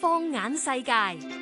放眼世界。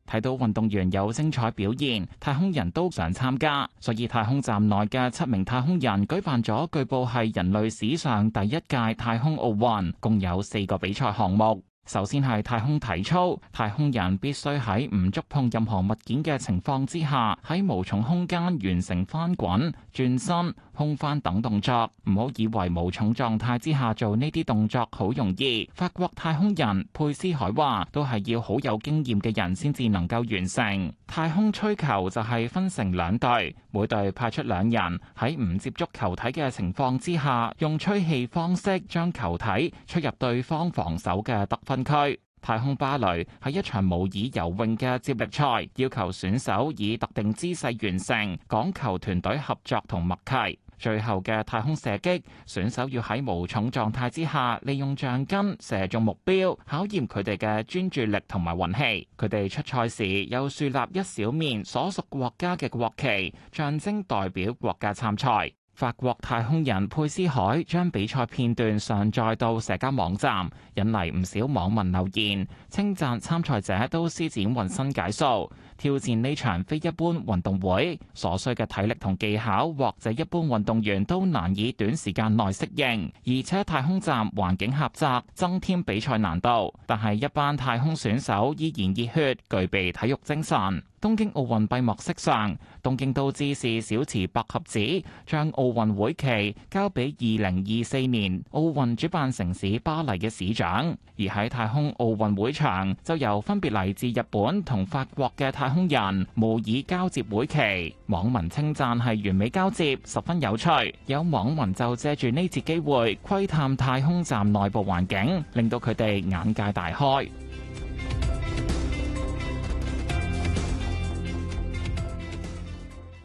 睇到運動員有精彩表現，太空人都想參加，所以太空站內嘅七名太空人舉辦咗據報係人類史上第一屆太空奧運，共有四個比賽項目。首先係太空體操，太空人必須喺唔觸碰任何物件嘅情況之下，喺無重空間完成翻滾、轉身、空翻等動作。唔好以為無重狀態之下做呢啲動作好容易。法國太空人佩斯凱話，都係要好有經驗嘅人先至能夠完成。太空吹球就係分成兩隊，每隊派出兩人喺唔接觸球體嘅情況之下，用吹氣方式將球體吹入對方防守嘅特。分區太空芭蕾係一場模擬游泳嘅接力賽，要求選手以特定姿勢完成，講求團隊合作同默契。最後嘅太空射擊，選手要喺無重狀態之下，利用橡筋射中目標，考驗佢哋嘅專注力同埋運氣。佢哋出賽時又樹立一小面所屬國家嘅國旗，象徵代表國家參賽。法國太空人佩斯海將比賽片段上載到社交網站，引嚟唔少網民留言稱讚參賽者都施展渾身解數。挑戰呢場非一般運動會所需嘅體力同技巧，或者一般運動員都難以短時間內適應，而且太空站環境狹窄，增添比賽難度。但係一班太空選手依然熱血，具備體育精神。東京奧運閉幕式上，東京都知事小池百合子將奧運會旗交俾2024年奧運主辦城市巴黎嘅市長，而喺太空奧運會場就由分別嚟自日本同法國嘅太空空人模擬交接會期，網民稱讚係完美交接，十分有趣。有網民就借住呢次機會窺探太空站內部環境，令到佢哋眼界大開。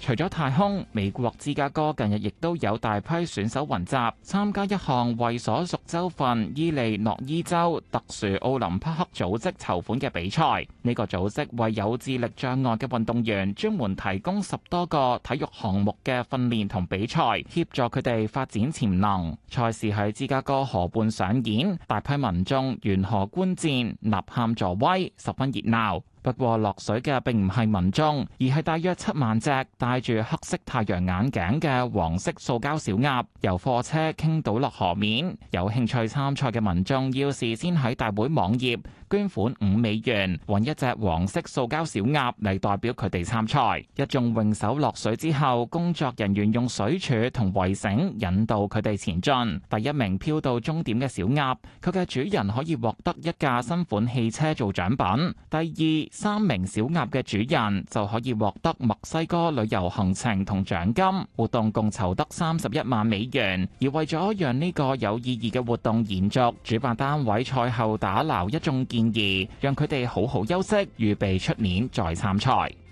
除咗太空，美國芝加哥近日亦都有大批選手雲集，參加一項為所屬州份伊利諾伊州特殊奧林匹克組織籌款嘅比賽。呢個組織為有智力障礙嘅運動員專門提供十多個體育項目嘅訓練同比賽，協助佢哋發展潛能。賽事喺芝加哥河畔上演，大批民眾沿河觀戰、吶喊助威，十分熱鬧。不過落水嘅並唔係民眾，而係大約七萬隻戴住黑色太陽眼鏡嘅黃色塑膠小鴨，由貨車傾倒落河面。有興趣參賽嘅民眾要事先喺大會網頁捐款五美元，揾一隻黃色塑膠小鴨嚟代表佢哋參賽。一眾泳手落水之後，工作人員用水柱同圍繩引導佢哋前進。第一名漂到終點嘅小鴨，佢嘅主人可以獲得一架新款汽車做獎品。第二、三名小鴨嘅主人就可以獲得墨西哥旅遊行程同獎金，活動共籌得三十一萬美元。而為咗讓呢個有意義嘅活動延續，主辦單位賽後打撈一眾健兒，讓佢哋好好休息，預備出年再參賽。